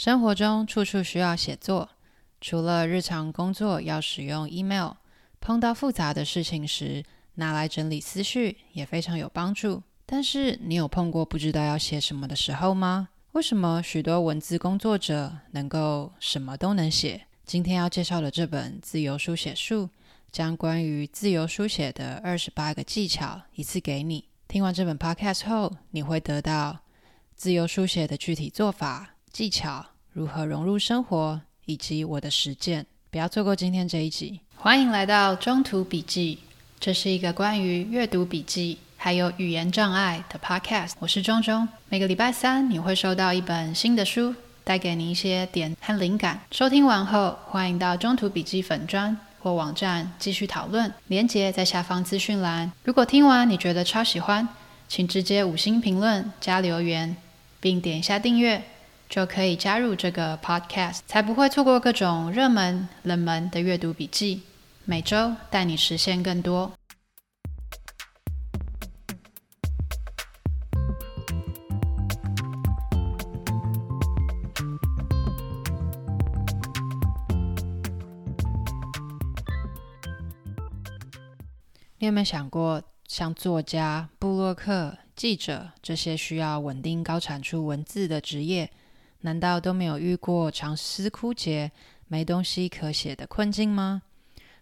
生活中處處需要寫作，除了日常工作要使用 email，碰到複雜的事情時拿來整理思緒也非常有幫助。但是你有碰過不知道要寫什麼的時候嗎？為什麼許多文字工作者能夠什麼都能寫？今天要介紹的這本《自由書寫術》，將關於自由書寫的二十八個技巧一次給你。聽完這本 podcast 後，你會得到自由書寫的具體做法、技巧。如何融入生活，以及我的實踐，不要錯過今天這一集。歡迎來到中途筆記，這是一個關於閱讀筆記還有語言障礙的 podcast。我是中中，每個禮拜三你會收到一本新的書，帶給你一些點和靈感。收聽完後，歡迎到中途筆記粉專或網站繼續討論，鏈接在下方資訊欄。如果聽完你覺得超喜歡，請直接五星評論加留言，並點一下訂閱。就可以加入這個 podcast，才不會錯過各種熱門、冷門的閱讀筆記。每周帶你實現更多。你有沒有想過，像作家、部落客、記者這些需要穩定高產出文字的職業，難道都沒有遇過長思枯竭、沒東西可寫的困境嗎？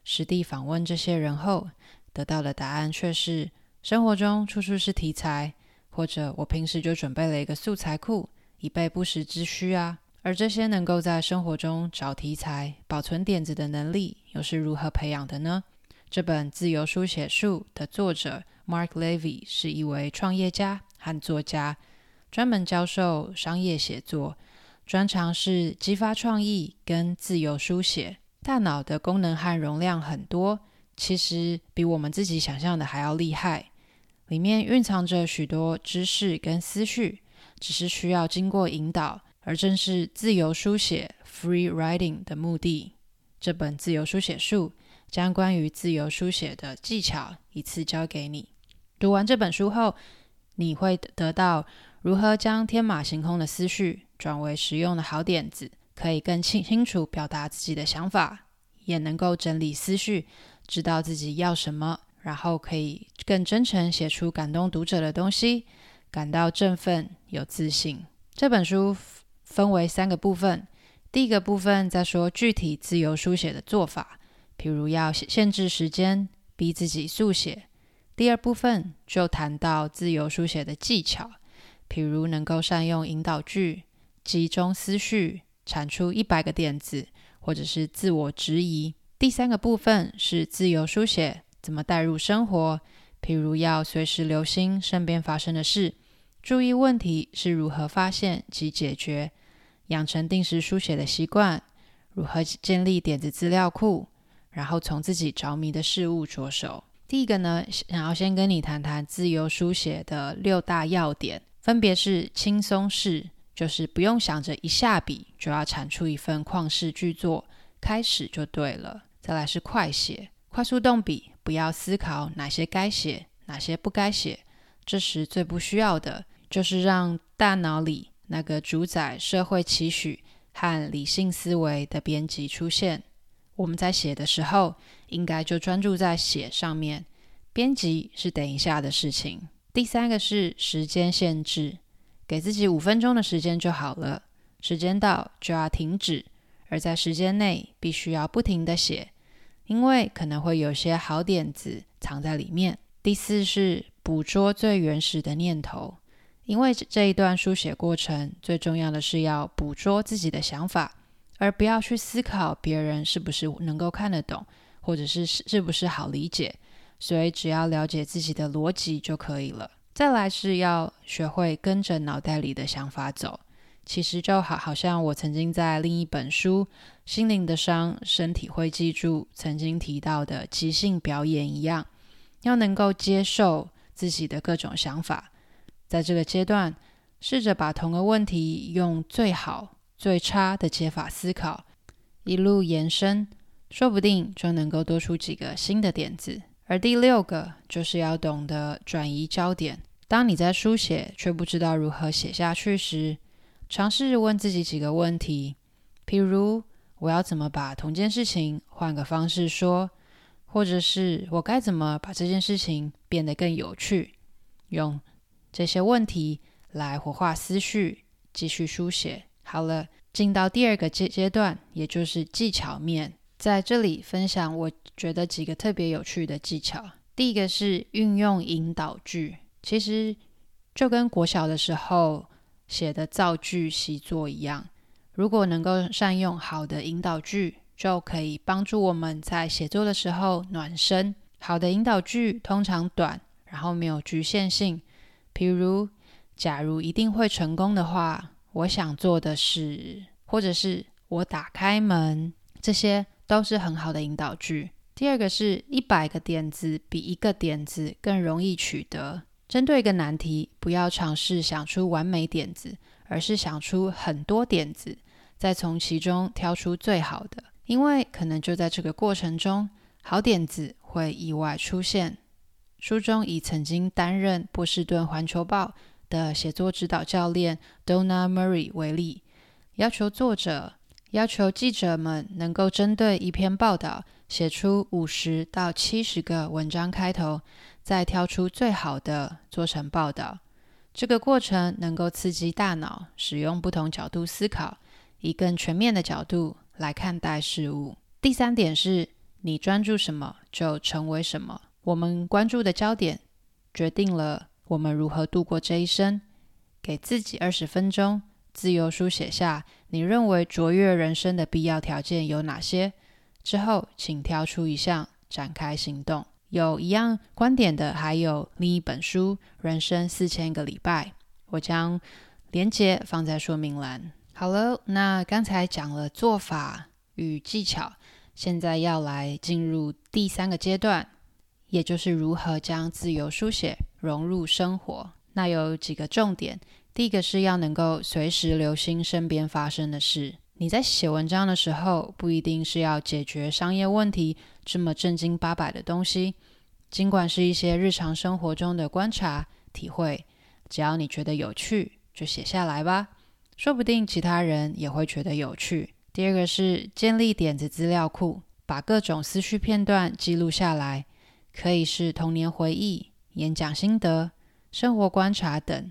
實地訪問這些人後，得到的答案卻是：生活中處處是題材，或者我平時就準備了一個素材庫，以備不時之需啊。而這些能夠在生活中找題材、保存點子的能力，又是如何培養的呢？這本《自由書寫術》的作者 Mark Levy 是一位創業家和作家。專門教授商業寫作，專長是激發創意跟自由書寫。大腦的功能和容量很多，其實比我們自己想象的還要厲害。裡面蘊藏着許多知識跟思緒，只是需要經過引導，而正是自由書寫 （free writing） 的目的。這本自由書寫術將關於自由書寫的技巧一次教給你。讀完這本書後，你會得到。如何將天馬行空的思緒轉為實用的好點子，可以更清清楚表達自己的想法，也能夠整理思緒，知道自己要什麼，然後可以更真誠寫出感動讀者的東西，感到振奮、有自信。這本書分為三個部分，第一個部分在說具體自由書寫的做法，比如要限制時間，逼自己速寫；第二部分就談到自由書寫的技巧。譬如，能夠善用引導句，集中思緒，產出一百個點子，或者是自我質疑。第三個部分是自由書寫，怎麼帶入生活？譬如要隨時留心身邊發生的事，注意問題是如何發現及解決，養成定時書寫的習慣，如何建立點子資料庫，然後從自己着迷的事物着手。第一個呢，想要先跟你談談自由書寫的六大要點。分別是輕鬆式，就是不用想着一下筆就要產出一份曠世巨作，開始就對了。再來是快寫，快速動筆，不要思考哪些該寫，哪些不該寫。這時最不需要的，就是讓大腦裡那個主宰社會期許和理性思維的編輯出現。我們在寫的時候，應該就專注在寫上面，編輯是等一下的事情。第三個是時間限制，給自己五分鐘的時間就好了，時間到就要停止，而在時間內必須要不停地寫，因為可能會有些好點子藏在裡面。第四是捕捉最原始的念頭，因為這一段書寫過程最重要的是要捕捉自己的想法，而不要去思考別人是不是能夠看得懂，或者是是是不是好理解。所以，只要了解自己的邏輯就可以了。再來是要學會跟着腦袋裡的想法走。其實就好好像我曾經在另一本書《心靈的傷，身體會記住》曾經提到的即興表演一樣，要能夠接受自己的各種想法。在這個階段，試着把同個問題用最好、最差的解法思考，一路延伸，說不定就能夠多出幾個新的點子。而第六個就是要懂得轉移焦點。當你在書寫卻不知道如何寫下去時，嘗試問自己幾個問題，譬如我要怎麼把同件事情換個方式說，或者是我該怎麼把這件事情變得更有趣？用這些問題來活化思緒，繼續書寫。好了，進到第二個階階段，也就是技巧面。在這裡分享，我覺得幾個特別有趣的技巧。第一個是運用引導句，其實就跟國小的時候寫的造句習作一樣。如果能夠善用好的引導句，就可以幫助我們在寫作的時候暖身。好的引導句通常短，然後沒有局限性，譬如“假如一定會成功的話”，我想做的事，或者是我打開門這些。都是很好的引導句。第二個是，一百個點子比一個點子更容易取得。針對一個難題，不要嘗試想出完美點子，而是想出很多點子，再從其中挑出最好的。因為可能就在這個過程中，好點子會意外出現。書中以曾經擔任波士頓環球報的寫作指導教練 Donna Murray 為例，要求作者。要求記者們能夠針對一篇報道寫出五十到七十個文章開頭，再挑出最好的做成報道。這個過程能夠刺激大腦，使用不同角度思考，以更全面的角度來看待事物。第三點是，你專注什麼就成為什麼。我們關注的焦點決定了我們如何度過這一生，給自己二十分鐘。自由書寫下，你認為卓越人生的必要條件有哪些？之後，請挑出一項展開行動。有一樣觀點的，還有另一本書《人生四千個禮拜》，我將連結放在說明欄。好了，那剛才講了做法與技巧，現在要來進入第三個階段，也就是如何將自由書寫融入生活。那有幾個重點。第一個是要能夠隨時留心身邊發生的事。你在寫文章的時候，不一定是要解決商業問題這麼正經八百的東西，儘管是一些日常生活中的觀察、體會，只要你覺得有趣，就寫下來吧。說不定其他人也會覺得有趣。第二個是建立點子資料庫，把各種思緒片段記錄下來，可以是童年回憶、演講心得、生活觀察等。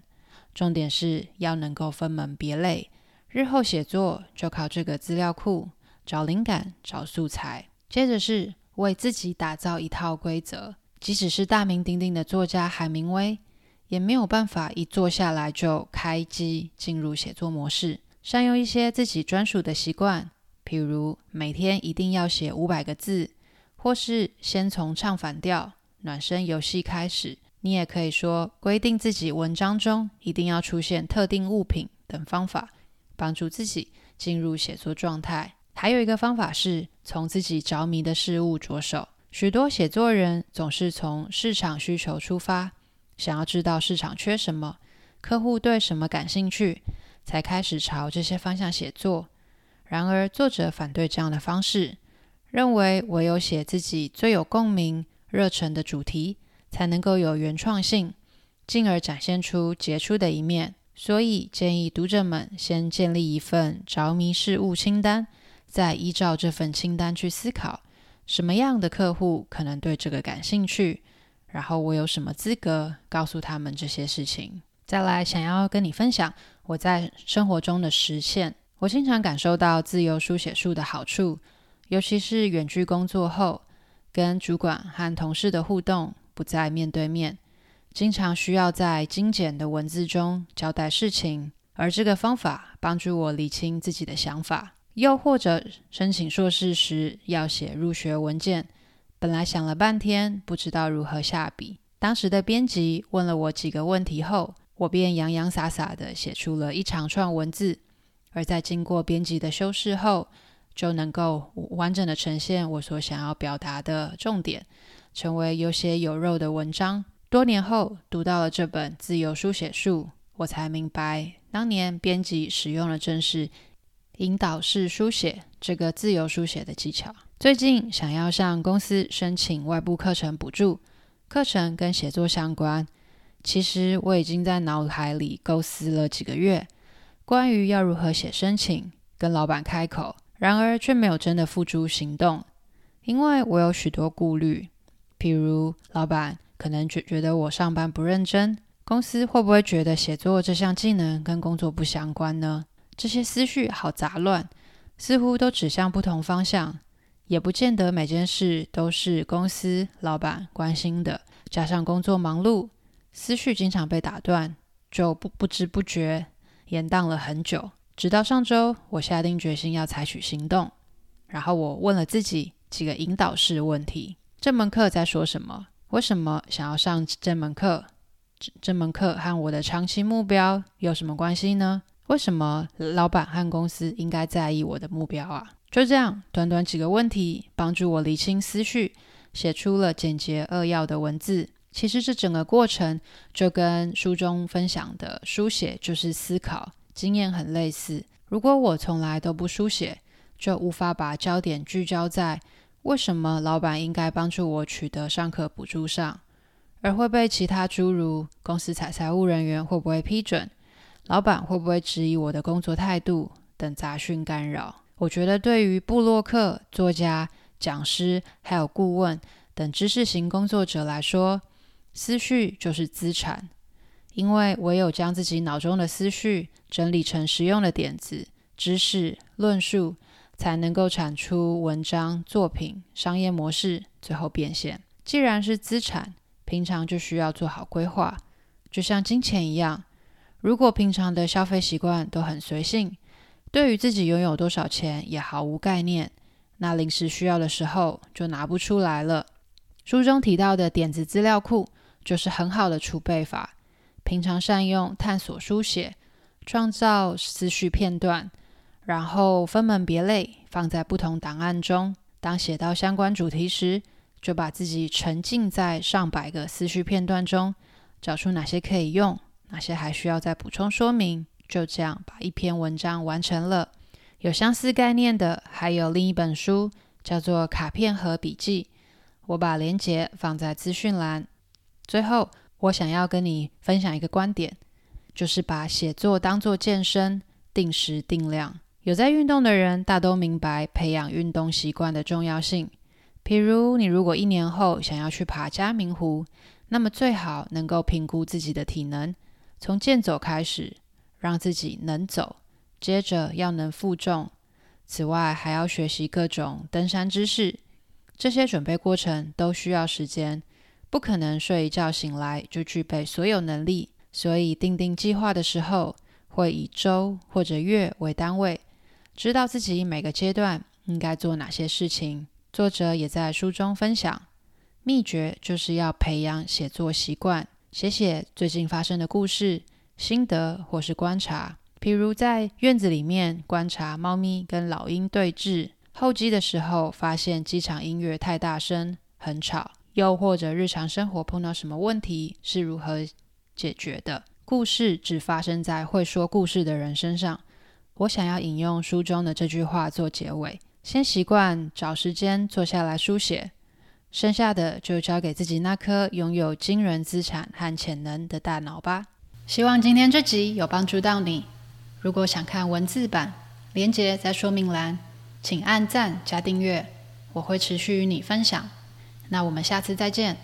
重點是要能夠分門別類，日後寫作就靠這個資料庫，找靈感、找素材。接着是為自己打造一套規則，即使是大名鼎鼎的作家海明威，也沒有辦法一坐下來就開機進入寫作模式。善用一些自己專屬的習慣，譬如每天一定要寫五百個字，或是先從唱反調、暖身遊戲開始。你也可以說規定自己文章中一定要出現特定物品等方法，幫助自己進入寫作狀態。還有一個方法是從自己着迷的事物着手。許多寫作人總是從市場需求出發，想要知道市場缺什麼，客戶對什麼感興趣，才開始朝這些方向寫作。然而，作者反對這樣的方式，認為唯有寫自己最有共鳴、熱忱的主題。才能夠有原創性，進而展現出傑出的一面。所以，建議讀者們先建立一份着迷事物清單，再依照這份清單去思考什麼樣的客戶可能對這個感興趣。然後，我有什麼資格告訴他們這些事情？再來，想要跟你分享我在生活中的實現。我經常感受到自由書寫術的好處，尤其是遠距工作後，跟主管和同事的互動。不再面對面，經常需要在精簡的文字中交代事情，而這個方法幫助我理清自己的想法。又或者申請碩士時要寫入學文件，本來想了半天不知道如何下筆，當時的編輯問了我幾個問題後，我便洋洋灑灑地寫出了一長串文字，而在經過編輯的修飾後，就能夠完整地呈現我所想要表達的重點。成為有血有肉的文章。多年後，讀到了這本《自由書寫術》，我才明白，當年編輯使用的正是引導式書寫這個自由書寫的技巧。最近想要向公司申請外部課程補助，課程跟寫作相關。其實我已經在腦海裡構思了幾個月，關於要如何寫申請，跟老闆開口。然而卻沒有真的付諸行動，因為我有許多顧慮。比如，老闆可能覺覺得我上班不認真，公司會不會覺得寫作這項技能跟工作不相關呢？這些思緒好雜亂，似乎都指向不同方向，也不見得每件事都是公司老闆關心的。加上工作忙碌，思緒經常被打斷，就不不知不覺延宕了很久。直到上周，我下定決心要採取行動，然後我問了自己幾個引導式的問題。這門課在說什麼？為什麼想要上這門課？這這門課和我的長期目標有什麼關係呢？為什麼老闆和公司應該在意我的目標啊？就這樣，短短幾個問題，幫助我理清思緒，寫出了簡潔扼要的文字。其實這整個過程就跟書中分享的“書寫就是思考”經驗很類似。如果我從來都不書寫，就無法把焦點聚焦在。為什麼老闆應該幫助我取得上課補助上，而會被其他諸如公司財財務人員會不會批准，老闆會不會質疑我的工作態度等雜訊干擾？我覺得對於部落客、作家、講師還有顧問等知識型工作者來說，思緒就是資產，因為唯有將自己腦中的思緒整理成實用的點子、知識論述。才能夠產出文章、作品、商業模式，最後變現。既然是資產，平常就需要做好規劃，就像金錢一樣。如果平常的消費習慣都很隨性，對於自己擁有多少錢也毫無概念，那臨時需要的時候就拿不出來了。書中提到的點子資料庫就是很好的儲備法，平常善用探索、書寫、創造思緒片段。然後分門別類放在不同檔案中。當寫到相關主題時，就把自己沉浸在上百個思緒片段中，找出哪些可以用，哪些還需要再補充說明。就這樣把一篇文章完成了。有相似概念的還有另一本書，叫做《卡片和筆記》，我把連結放在資訊欄。最後，我想要跟你分享一個觀點，就是把寫作當做健身，定時定量。有在運動的人，大都明白培養運動習慣的重要性。譬如，你如果一年後想要去爬嘉明湖，那麼最好能夠評估自己的體能，從健走開始，讓自己能走，接着要能負重。此外，還要學習各種登山知識。這些準備過程都需要時間，不可能睡一覺醒來就具備所有能力。所以，訂定計劃的時候，會以週或者月為單位。知道自己每個階段應該做哪些事情，作者也在書中分享秘訣，就是要培養寫作習慣，寫寫最近發生的故事、心得或是觀察。譬如在院子裡面觀察貓咪跟老鷹對峙，候機的時候，發現機場音樂太大聲，很吵；又或者日常生活碰到什麼問題，是如何解決的。故事只發生在會說故事的人身上。我想要引用書中的這句話做結尾：先習慣找時間坐下來書寫，剩下的就交給自己那顆擁有驚人資產和潛能的大腦吧。希望今天這集有幫助到你。如果想看文字版，連結在說明欄，請按讚加訂閱，我會持續與你分享。那我們下次再見。